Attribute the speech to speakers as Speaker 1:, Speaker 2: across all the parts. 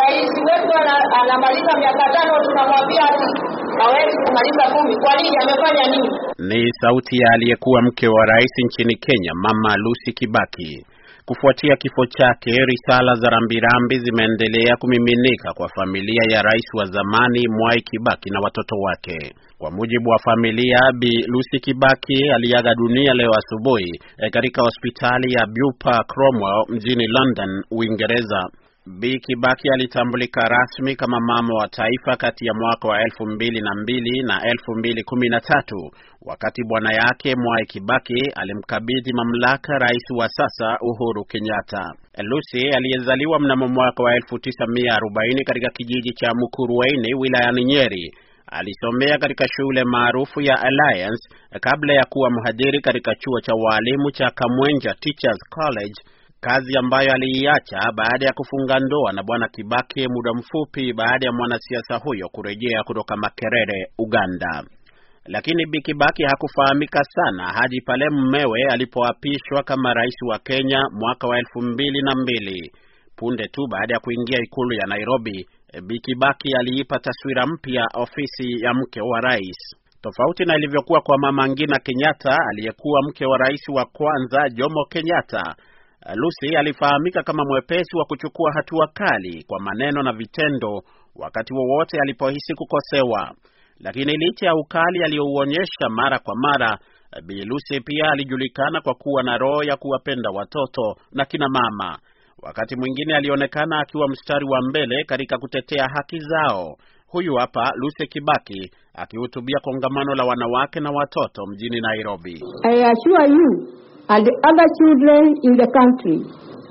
Speaker 1: rais wetu anamaliza miaka tano, tunamwambia hawezi kumaliza kumi. Kwa nini? Amefanya nini? Ni sauti ya aliyekuwa mke wa rais nchini Kenya, Mama Lucy Kibaki. Kufuatia kifo chake, risala za rambirambi zimeendelea kumiminika kwa familia ya rais wa zamani Mwai Kibaki na watoto wake. Kwa mujibu wa familia, Bi Lucy Kibaki aliaga dunia leo asubuhi eh, katika hospitali ya Bupa Cromwell mjini London, Uingereza. Bi Kibaki alitambulika rasmi kama mama wa taifa kati ya mwaka wa elfu mbili na mbili na elfu mbili kumi na tatu wakati bwana yake Mwai Kibaki alimkabidhi mamlaka rais wa sasa Uhuru Kenyatta. Lucy aliyezaliwa mnamo mwaka wa arobaini katika kijiji cha Mukurweini wilayani Nyeri alisomea katika shule maarufu ya Alliance kabla ya kuwa mhadhiri katika chuo cha waalimu cha Kamwenja Teachers College kazi ambayo aliiacha baada ya kufunga ndoa na Bwana Kibaki muda mfupi baada ya mwanasiasa huyo kurejea kutoka Makerere, Uganda. Lakini Bi Kibaki hakufahamika sana hadi pale mmewe alipoapishwa kama rais wa Kenya mwaka wa elfu mbili na mbili. Punde tu baada ya kuingia ikulu ya Nairobi, Bi Kibaki aliipa taswira mpya ofisi ya mke wa rais. Tofauti na ilivyokuwa kwa Mama Ngina Kenyatta, aliyekuwa mke wa rais wa kwanza Jomo Kenyatta, Uh, Lucy alifahamika kama mwepesi wa kuchukua hatua kali kwa maneno na vitendo wakati wowote alipohisi kukosewa. Lakini licha ya ukali aliyouonyesha mara kwa mara, uh, Bi Lucy pia alijulikana kwa kuwa na roho ya kuwapenda watoto na kina mama. Wakati mwingine alionekana akiwa mstari wa mbele katika kutetea haki zao. Huyu hapa Lucy Kibaki akihutubia kongamano la wanawake na watoto mjini Nairobi.
Speaker 2: I assure you and other children in the country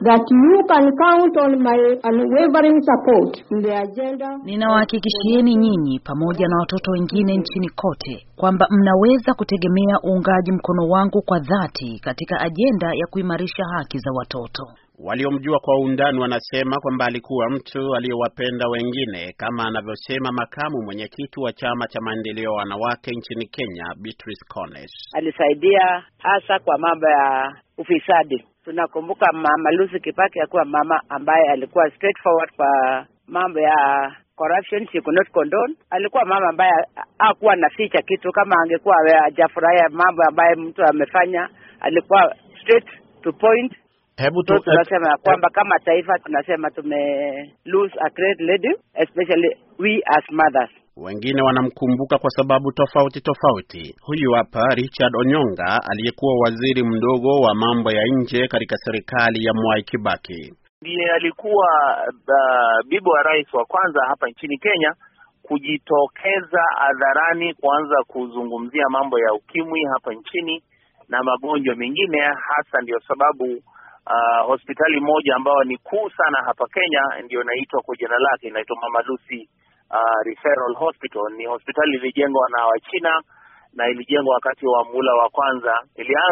Speaker 2: that you can count on my unwavering support in the agenda. Ninawahakikishieni nyinyi pamoja na watoto wengine nchini kote kwamba mnaweza kutegemea uungaji mkono wangu kwa dhati katika ajenda ya kuimarisha haki za watoto.
Speaker 1: Waliomjua kwa undani wanasema kwamba alikuwa mtu aliyewapenda wengine, kama anavyosema makamu mwenyekiti wa chama cha maendeleo ya wanawake nchini Kenya, Beatrice Cones.
Speaker 2: Alisaidia hasa kwa mambo ya ufisadi. Tunakumbuka Mama Lucy Kibaki akuwa mama ambaye alikuwa straightforward kwa mambo ya corruption she could not condone. Alikuwa mama ambaye hakuwa ficha kitu, kama angekuwa hajafurahia mambo ambaye mtu amefanya, alikuwa straight to point.
Speaker 1: Hebu tu tunasema
Speaker 2: ya kwamba kama taifa tunasema tume lose a great lady especially we as mothers.
Speaker 1: Wengine wanamkumbuka kwa sababu tofauti tofauti. Huyu hapa Richard Onyonga aliyekuwa waziri mdogo wa mambo ya nje katika serikali ya Mwai Kibaki, ndiye alikuwa uh, bibi wa rais wa kwanza hapa nchini Kenya kujitokeza hadharani kuanza kuzungumzia mambo ya ukimwi hapa nchini na magonjwa mengine, hasa ndiyo sababu uh, hospitali moja ambayo ni kuu sana hapa Kenya, ndio inaitwa kwa jina lake, inaitwa Mama Lucy uh, Referral Hospital. Ni hospitali ilijengwa na Wachina na ilijengwa wakati wa mula wa kwanza,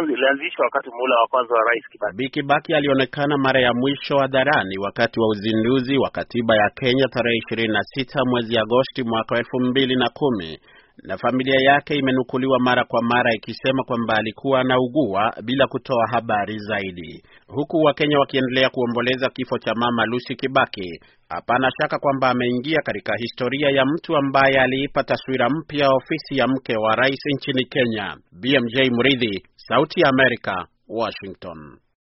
Speaker 1: ilianzishwa wakati mula wa kwanza wa Rais Kibaki. Bi Kibaki alionekana mara ya mwisho hadharani wakati wa uzinduzi wa katiba ya Kenya tarehe 26 mwezi Agosti mwaka elfu mbili na kumi na familia yake imenukuliwa mara kwa mara ikisema kwamba alikuwa anaugua bila kutoa habari zaidi. Huku Wakenya wakiendelea kuomboleza kifo cha mama Lucy Kibaki, hapana shaka kwamba ameingia katika historia ya mtu ambaye aliipa taswira mpya ofisi ya mke wa rais nchini Kenya. BMJ Mridhi, Sauti ya Amerika, Washington.